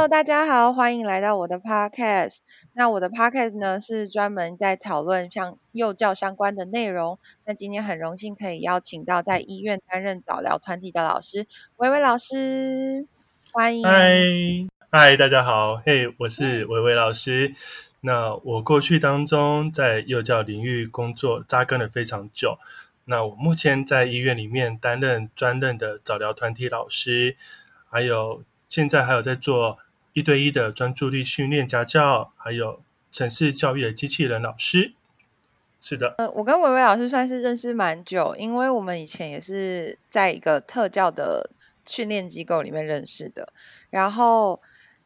Hello，大家好，歡迎來到我的 Podcast。那我的 Podcast 呢是專門在討論像幼教相關的內容。那今天很榮幸可以邀請到在醫院擔任早療團體的老師，維維老師，歡迎。Hi，Hi，大家好，嘿、hey，我是維維老師。Hey. 那我過去當中在幼教領域工作扎根了非常久。那我目前在醫院裡面擔任專任的早療團體老師，還有現在還有在做。一對一的專注力訓練、家教，還有城市教育的機器人老師，是的。呃，我跟維維老師算是認識蠻久，因為我們以前也是在一個特教的訓練機構裡面認識的，然後。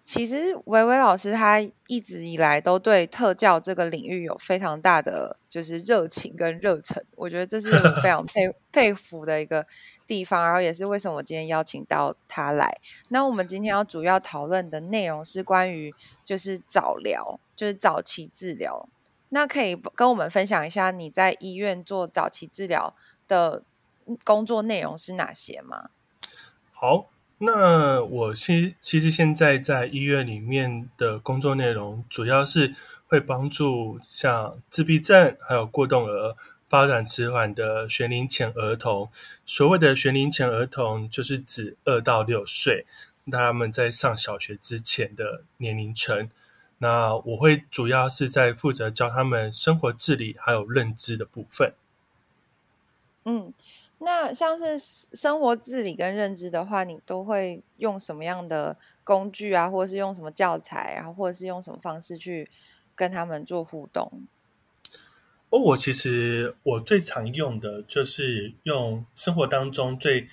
其實，維維老師他一直以來都對特教這個領域有非常大的就是熱情跟熱忱，我覺得這是非常佩佩服的一個地方。 然後也是為什麼我今天邀請到他來。那我們今天要主要討論的內容是關於就是早療，就是早期治療。那可以跟我們分享一下你在醫院做早期治療的工作內容是哪些嗎？好。那我其其實現在在醫院裡面的工作內容，主要是會幫助像自閉症、還有過動兒發展遲緩的學齡前兒童。所謂的學齡前兒童，就是指二到六歲，他們在上小學之前的年齡層。那我會主要是在負責教他們生活自理還有認知的部分。嗯。那像是生活自理跟認知的話，你都會用什麼樣的工具啊，或者是用什麼教材啊，或者是用什麼方式去跟他們做互動？哦，我其實我最常用的，就是用生活當中最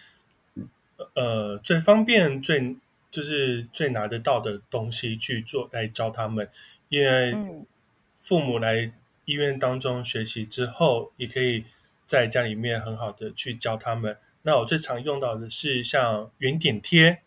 呃最方便、最就是最拿得到的東西去做來教他們，因為父母來醫院當中學習之後，也可以。在家裡面很好的去教他們。那我最常用到的是像圓點貼，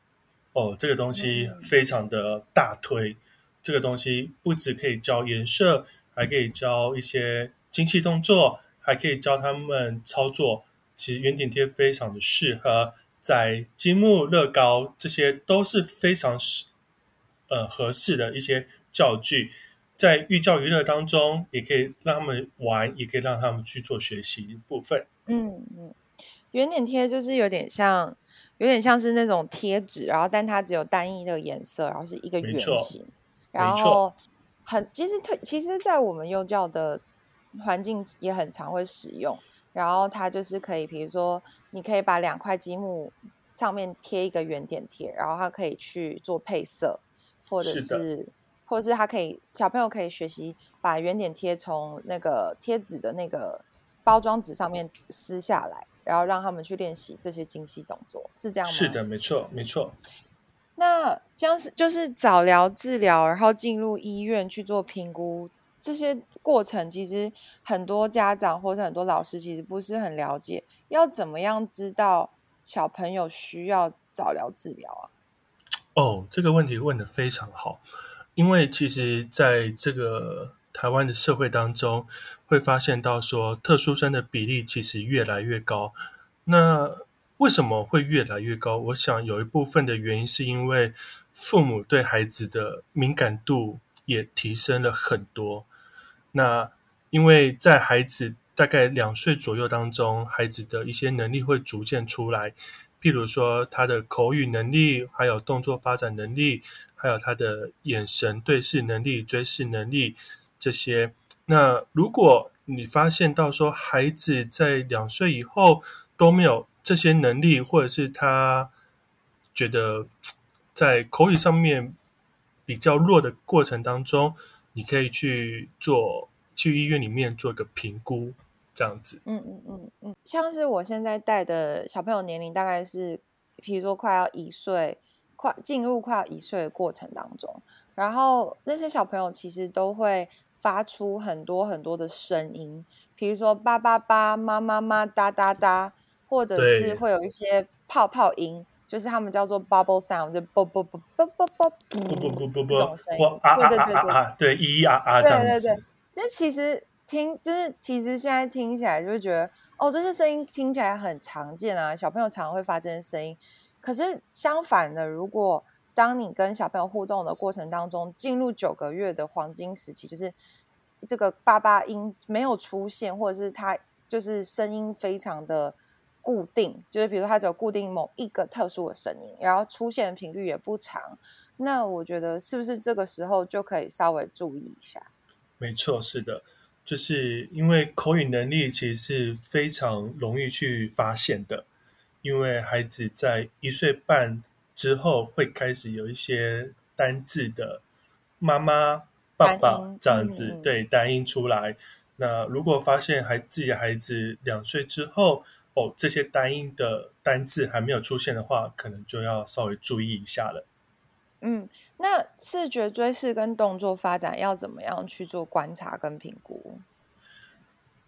哦，這個東西非常的大推。這個東西不只可以教顏色，還可以教一些精細動作，還可以教他們操作。其實圓點貼非常的適合在積木、樂高這些都是非常適呃合適的一些教具。在寓教於樂當中，也可以讓他們玩，也可以讓他們去做學習的部分。嗯嗯，圓點貼就是有點像，有點像是那種貼紙，然後但它只有單一的顏色，然後是一個圓形，沒錯，然後很其實它其實，其實在我們幼教的環境也很常會使用。然後它就是可以，比如說，你可以把兩塊積木上面貼一個圓點貼，然後它可以去做配色，或者是，是的。或者是他可以，小朋友可以學習把圓點貼從那個貼紙的那個包裝紙上面撕下來，然後讓他們去練習這些精細動作，是這樣嗎？是的，沒錯，沒錯。那將是就是早療治療，然後進入醫院去做評估，這些過程其實很多家長或者很多老師其實不是很了解，要怎麼樣知道小朋友需要早療治療啊？哦，這個問題問得非常好。因為其實在這個台灣的社會當中，會發現到說特殊生的比例其實越來越高。那為什麼會越來越高？我想有一部分的原因是因為父母對孩子的敏感度也提升了很多。那因為在孩子大概兩歲左右當中，孩子的一些能力會逐漸出來。譬如說，他的口語能力，還有動作發展能力，還有他的眼神對視能力、追視能力這些。那如果你發現到說孩子在兩歲以後都沒有這些能力，或者是他覺得在口語上面比較弱的過程當中，你可以去做，去醫院裡面做一個評估。這樣子，嗯嗯嗯嗯，像是我現在帶的小朋友年齡大概是，比如說快要一歲，快進入快要一歲的過程當中，然後那些小朋友其實都會發出很多很多的聲音，比如說爸爸爸、媽媽噠噠噠，媽媽媽、或者是會有一些泡泡音，就是他們叫做 bubble sound，就啵啵啵啵啵啵啵啵啵啵啵啵，啊啊啊啊，對，咿咿啊啊，這樣子，這其實。聽，就是其實現在聽起來就是覺得哦，這些聲音聽起來很常見啊，小朋友常常會發這些聲音。可是相反的，如果當你跟小朋友互動的過程當中，進入九個月的黃金時期，就是這個爸爸音沒有出現，或者是他就是聲音非常的固定，就是比如他只有固定某一個特殊的聲音，然後出現的頻率也不長，那我覺得是不是這個時候就可以稍微注意一下？沒錯，是的。就是因為口語能力其實是非常容易去發現的，因為孩子在一歲半之後會開始有一些單字的“媽媽”“爸爸”這樣子對單音出來。那如果發現還自己的孩子兩歲之後，哦，這些單音的單字還沒有出現的話，可能就要稍微注意一下了。嗯，那視覺追視跟動作發展要怎麼樣去做觀察跟評估？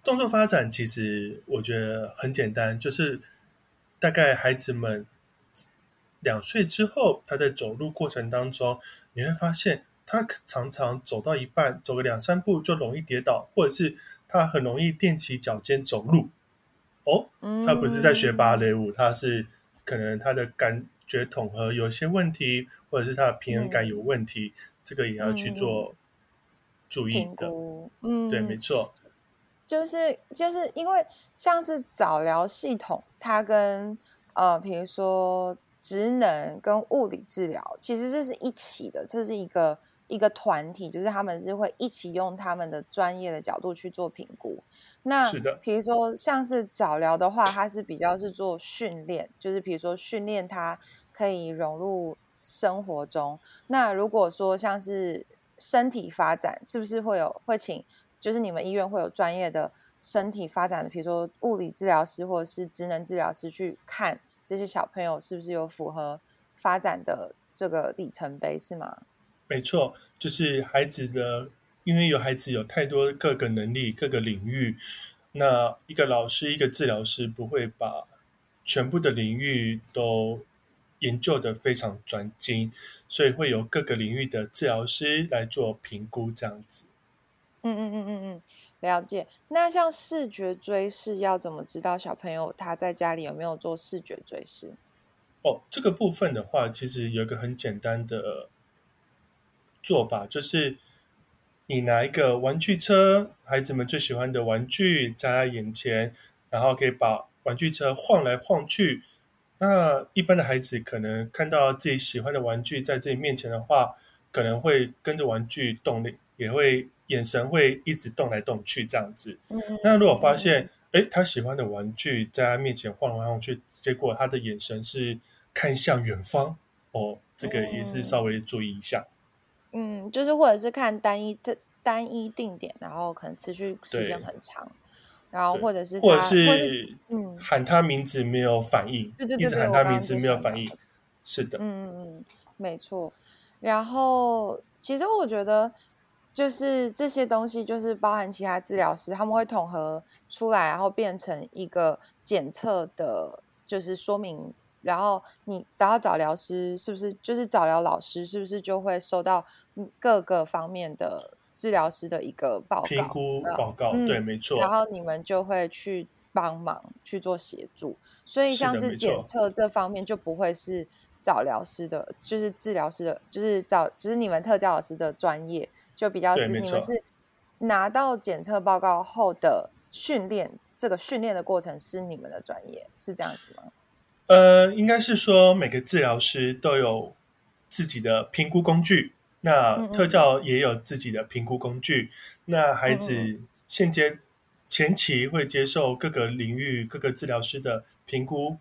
動作發展其實我覺得很簡單，就是大概孩子們兩歲之後，他在走路過程當中，你會發現他常常走到一半，走個兩三步就容易跌倒，或者是他很容易踮起腳尖走路。哦，他不是在學芭蕾舞，嗯、他是可能他的感覺統合有些問題。或者是他的平衡感有問題，嗯，這個也要去做注意的。評估，嗯，對，沒錯。就是就是因為像是早療系統，它跟呃，比如說職能跟物理治療，其實這是一起的，這是一個一個團體，就是他們是會一起用他們的專業的角度去做評估。那是的。比如說像是早療的話，它是比較是做訓練，就是比如說訓練他。可以融入生活中。那如果說像是身體發展，是不是會有會請？就是你們醫院會有專業的身體發展的，比如說物理治療師或者是職能治療師去看這些小朋友是不是有符合發展的這個里程碑，是嗎？沒錯，就是孩子的，因為有孩子有太多各個能力各個領域，那一個老師一個治療師不會把全部的領域都。研究的非常專精，所以會有各個領域的治療師來做評估，這樣子。嗯嗯嗯嗯嗯，了解。那像視覺追視要怎麼知道小朋友他在家裡有沒有做視覺追視？哦，這個部分的話，其實有一個很簡單的做法，就是你拿一個玩具車，孩子們最喜歡的玩具，在他眼前，然後可以把玩具車晃來晃去。那一般的孩子可能看到自己喜歡的玩具在自己面前的話，可能會跟着玩具動，也會眼神會一直動來動去這樣子。嗯嗯，那如果發現，哎、嗯嗯，他喜歡的玩具在他面前晃來晃去，結果他的眼神是看向遠方，哦，這個也是稍微注意一下。嗯，就是或者是看單一的單一定點，然後可能持續時間很長。然後或，或者是或者是，嗯，喊他名字沒有反應，一直喊他名字沒有反應，剛剛是的，嗯嗯嗯，沒錯。然後，其實我覺得就是這些東西，就是包含其他治療師，他們會統合出來，然後變成一個檢測的，就是說明。然後你找到早療師，是不是就是早療老師，是不是就會收到各個方面的。治療師的一個報告、評估報告，嗯、對，沒錯。然後你們就會去幫忙去做協助，所以像是檢測這方面就不會是早療師的，是的就是治療師的，就是早，就是你們特教老師的專業就比較是你們是拿到檢測報告後的訓練，這個訓練的過程是你們的專業，是這樣子嗎？呃，應該是說每個治療師都有自己的評估工具。那特教也有自己的評估工具。嗯嗯，那孩子現階段前期會接受各個領域各個治療師的評估，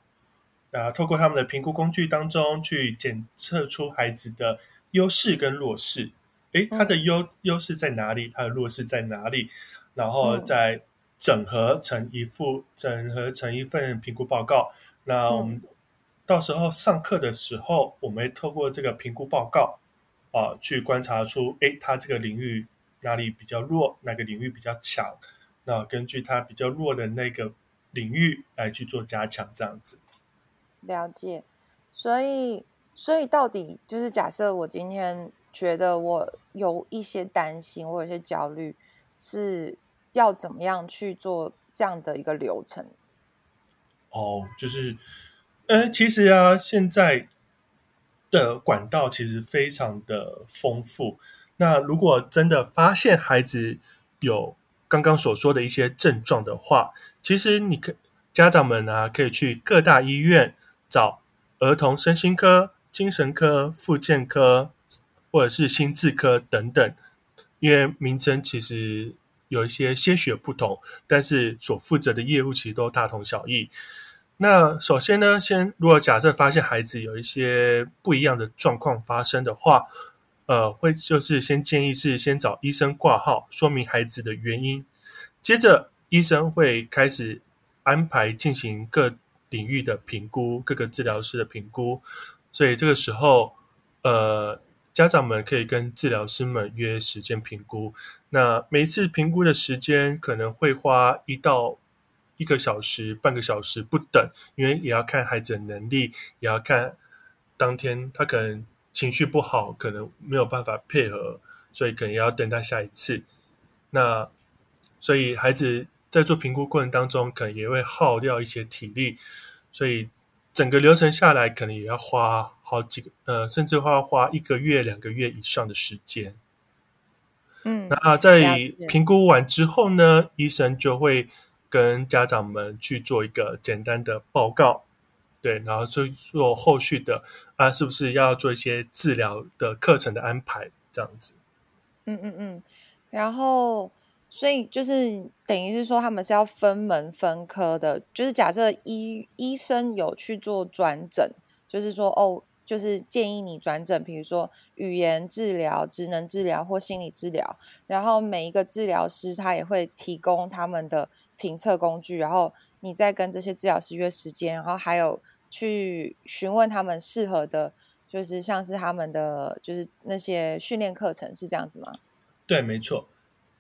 啊，透過他們的評估工具當中去檢測出孩子的優勢跟弱勢。誒，他的優優勢在哪裡？他的弱勢在哪裡？然後再整合成一副，嗯、整合成一份評估報告。那我們到時候上課的時候，我們會透過這個評估報告。啊，去觀察出，哎，他這個領域哪裡比較弱，哪個領域比較強？那根據他比較弱的那個領域來去做加強，這樣子。了解，所以，所以到底就是假設我今天覺得我有一些擔心，我有些焦慮，是要怎麼樣去做這樣的一個流程？哦，就是，呃，其實啊，現在。的管道其實非常的豐富。那如果真的發現孩子有剛剛所說的一些症狀的話，其實你可家長們啊可以去各大醫院找兒童身心科、精神科、復健科或者是心智科等等，因為名稱其實有一些些許不同，但是所負責的業務其實都大同小異。那首先呢，先如果假設發現孩子有一些不一樣的狀況發生的話，呃，會就是先建議是先找醫生掛號，說明孩子的原因。接着醫生會開始安排進行各領域的評估，各個治療師的評估。所以這個時候，呃，家長們可以跟治療師們約時間評估。那每一次評估的時間可能會花一到一個小時、半個小時不等，因為也要看孩子的能力，也要看當天他可能情緒不好，可能沒有辦法配合，所以可能也要等待下一次。那所以孩子在做評估過程當中，可能也會耗掉一些體力，所以整個流程下來，可能也要花好幾個呃，甚至花花一個月、兩個月以上的時間。嗯，那在評估完之後呢，醫生就會。跟家長們去做一個簡單的報告，對，然後就做後續的啊，是不是要做一些治療的課程的安排這樣子？嗯嗯嗯，然後所以就是等於是說，他們是要分門分科的，就是假設醫醫生有去做轉診，就是說哦，就是建議你轉診，比如說語言治療、職能治療或心理治療，然後每一個治療師他也會提供他們的。評測工具，然後你再跟這些治療師約時間，然後還有去詢問他們適合的，就是像是他們的就是那些訓練課程是這樣子嗎？對，沒錯。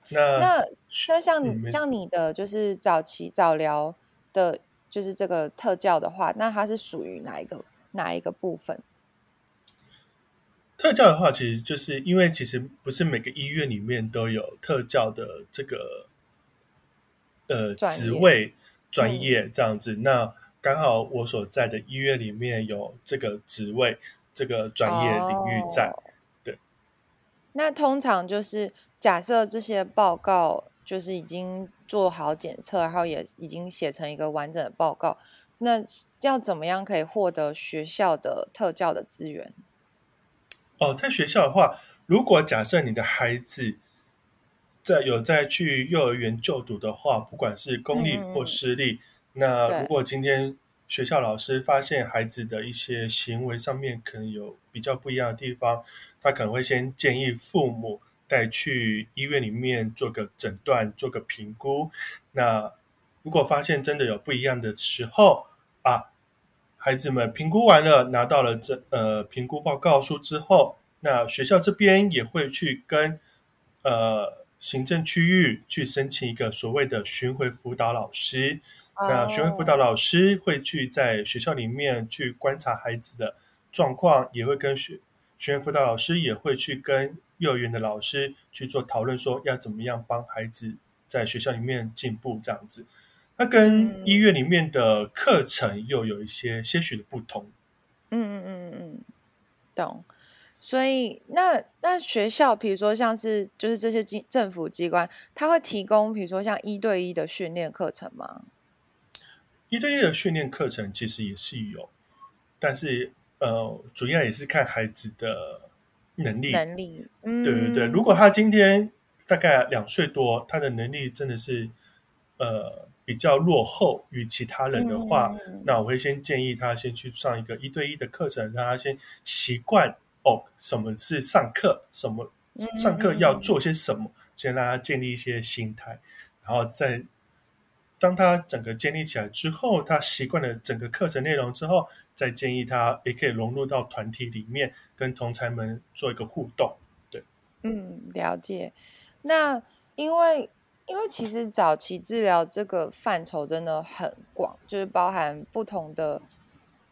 那那像你、嗯、像你的就是早期早療的，就是這個特教的話，那它是屬於哪一個哪一個部分？特教的話，其實就是因為其實不是每個醫院裡面都有特教的這個。呃，職位、專業這樣子，嗯、那剛好我所在的醫院裡面有這個職位、這個專業領域在，哦、對。那通常就是假設這些報告就是已經做好檢測，然後也已經寫成一個完整的報告，那要怎麼樣可以獲得學校的特教的資源？哦，在學校的話，如果假設你的孩子，在有在去幼兒園就讀的話，不管是公立或私立，嗯嗯嗯，那如果今天學校老師發現孩子的一些行為上面可能有比較不一樣的地方，他可能會先建議父母帶去醫院裡面做個診斷、做個評估。那如果發現真的有不一樣的時候啊，孩子們評估完了拿到了這呃評估報告書之後，那學校這邊也會去跟呃。行政區域去申請一個所謂的巡回輔導老師，那巡回輔導老師會去在學校裡面去觀察孩子的狀況，也會跟學巡迴輔導老師也會去跟幼兒園的老師去做討論，說要怎麼樣幫孩子在學校裡面進步這樣子。那跟醫院裡面的課程又有一些些許的不同。嗯嗯嗯嗯，懂。所以，那那學校，比如說，像是就是這些機政府機關，他會提供，比如說像一對一的訓練課程嗎？一對一的訓練課程其實也是有，但是呃，主要也是看孩子的能力。能力，對對，嗯，對對對。如果他今天大概兩歲多，他的能力真的是呃比較落後於其他人的話，嗯，那我會先建議他先去上一個一對一的課程，讓他先習慣。哦，什麼是上課？什麼上課要做些什麼？Mm hmm. 先讓他建立一些心態，然後再當他整個建立起來之後，他習慣了整個課程內容之後，再建議他也可以融入到團體裡面，跟同儕們做一個互動。對，嗯，了解。那因為因為其實早期治療這個範疇真的很廣，就是包含不同的，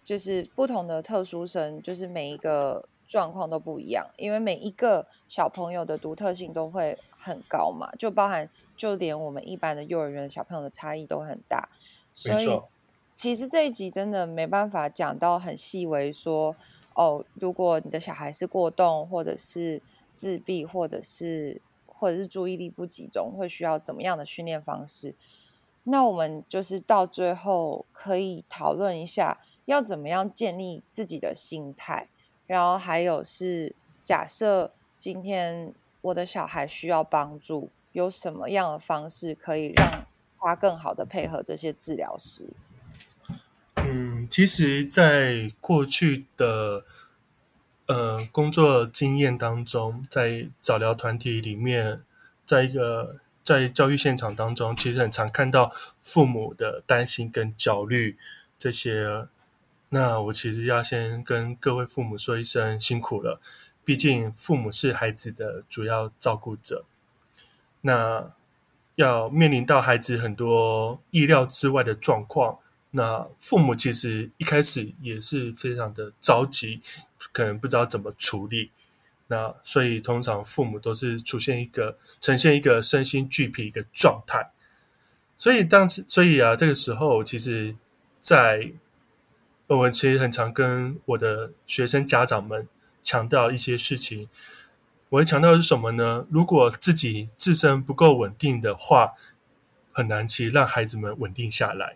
就是不同的特殊生，就是每一個。狀況都不一樣，因為每一個小朋友的獨特性都會很高嘛，就包含就連我們一般的幼兒園的小朋友的差異都很大，沒錯。所以其實這一集真的沒辦法講到很細微說，說哦，如果你的小孩是過動，或者是自閉，或者是或者是注意力不集中，會需要怎麼樣的訓練方式？那我們就是到最後可以討論一下，要怎麼樣建立自己的心態。然後還有是，假設今天我的小孩需要幫助，有什麼樣的方式可以讓他更好的配合這些治療師？嗯，其實，在過去的呃工作經驗當中，在早療團體裡面，在一個在教育現場當中，其實很常看到父母的擔心跟焦慮這些。那我其實要先跟各位父母說一聲辛苦了。畢竟父母是孩子的主要照顧者，那要面臨到孩子很多意料之外的狀況，那父母其實一開始也是非常的着急，可能不知道怎麼處理，那所以通常父母都是出現一個呈現一個身心俱疲一個狀態，所以當時所以啊這個時候其實，在。我其實很常跟我的學生家長們強調一些事情，我會強調的是什麼呢？如果自己自身不夠穩定的話，很難去讓孩子們穩定下來。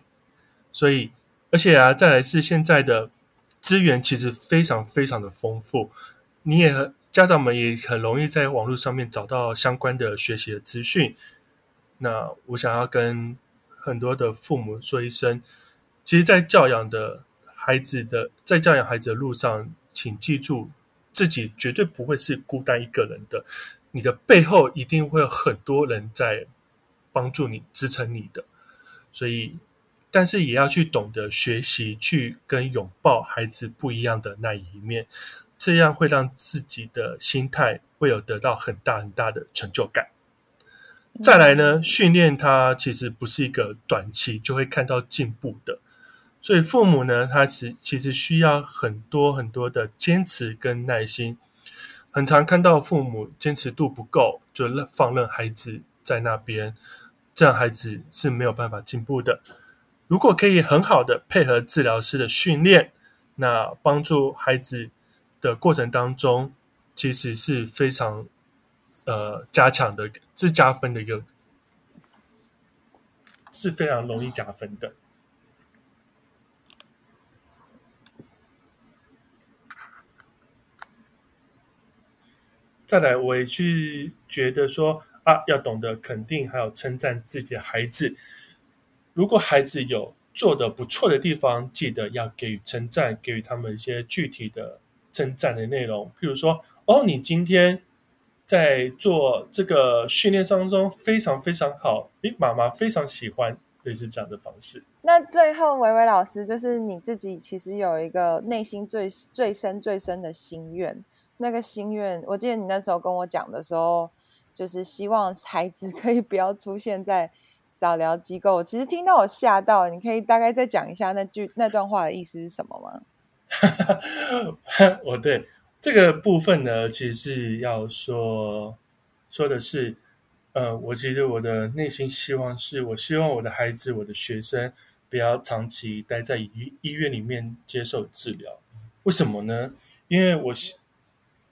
所以，而且啊，再來是現在的資源其實非常非常的豐富，你也家長們也很容易在網絡上面找到相關的學習的資訊。那我想要跟很多的父母說一聲，其實，在教養的。孩子的，在教養孩子的路上，請記住，自己絕對不會是孤單一個人的。你的背後一定會有很多人在幫助你、支撐你的。所以，但是也要去懂得學習，去跟擁抱孩子不一樣的那一面，這樣會讓自己的心態會有得到很大很大的成就感。再來呢，訓練他其實不是一個短期就會看到進步的。所以父母呢，他其其實需要很多很多的堅持跟耐心。很常看到父母堅持度不夠，就放任孩子在那邊，這樣孩子是沒有辦法進步的。如果可以很好的配合治療師的訓練，那幫助孩子的過程當中，其實是非常呃加強的，是加分的一個，是非常容易加分的。再來，我也去覺得說啊，要懂得肯定，還有稱讚自己的孩子。如果孩子有做得不錯的地方，記得要給予稱讚，給予他們一些具體的稱讚的內容。譬如說，哦，你今天在做這個訓練當中非常非常好，哎，媽媽非常喜歡，類似這樣的方式。那最後，維維老師，就是你自己，其實有一個內心最最深、最深的心願。那個心願，我記得你那時候跟我講的時候，就是希望孩子可以不要出現在早療機構。其實聽到我嚇到，你可以大概再講一下那句那段話的意思是什麼嗎？ 我對這個部分呢，其實是要說說的是，呃，我其實我的內心希望是，我希望我的孩子、我的學生不要長期待在醫醫院裡面接受治療。為什麼呢？因為我希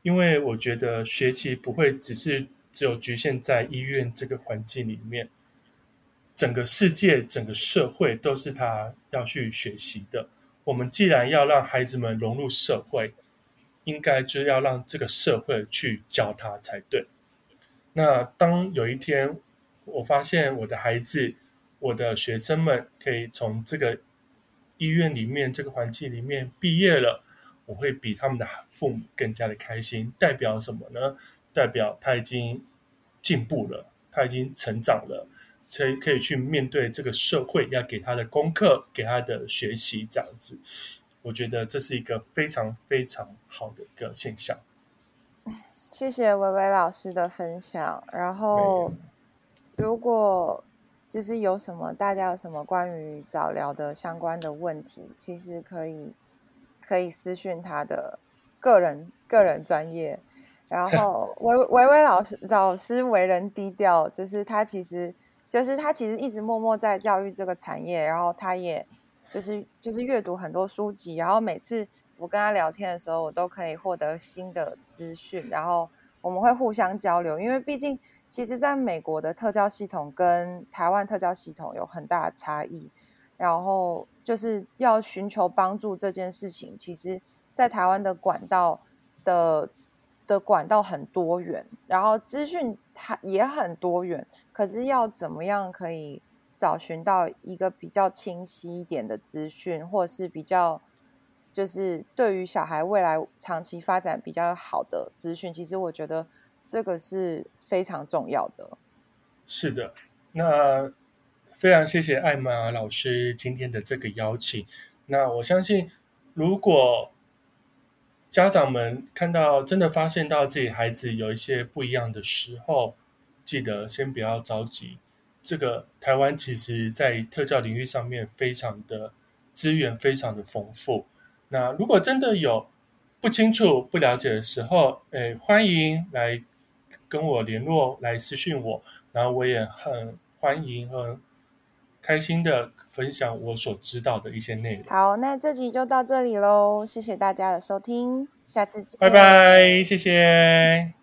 因為我覺得學習不會只是只有局限在醫院這個環境裡面，整個世界、整個社會都是他要去學習的。我們既然要讓孩子們融入社會，應該就要讓這個社會去教他才對。那當有一天我發現我的孩子、我的學生們可以從這個醫院裡面、這個環境裡面畢業了。我會比他們的父母更加的開心，代表什麼呢？代表他已經進步了，他已經成長了，才可以去面對這個社會要給他的功課，給他的學習這樣子。我覺得這是一個非常非常好的一個現象。謝謝維維老師的分享。然後，沒如果就是有什麼大家有什麼關於早療的相關的問題，其實可以。可以私訊他的個人個人專業，然後維維維老師老師為人低調，就是他其實就是他其實一直默默在教育這個產業，然後他也就是就是閱讀很多書籍，然後每次我跟他聊天的時候，我都可以獲得新的資訊，然後我們會互相交流，因為畢竟其實在美國的特教系統跟台灣特教系統有很大的差異，然後。就是要尋求幫助這件事情，其實，在台灣的管道的的管道很多元，然後資訊也很多元。可是要怎麼樣可以找尋到一個比較清晰一點的資訊，或是比較就是對於小孩未來長期發展比較好的資訊，其實我覺得這個是非常重要的。是的，那。非常謝謝艾瑪老師今天的這個邀請。那我相信，如果家長們看到真的發現到自己孩子有一些不一樣的時候，記得先不要着急。這個台灣其實，在特教領域上面非常的資源非常的豐富。那如果真的有不清楚不了解的時候，誒、哎，歡迎來跟我聯絡，來私訊我。然後我也很歡迎，很開心的分享我所知道的一些內容。好，那這集就到這裡嘍，謝謝大家的收聽，下次見，拜拜，謝謝。嗯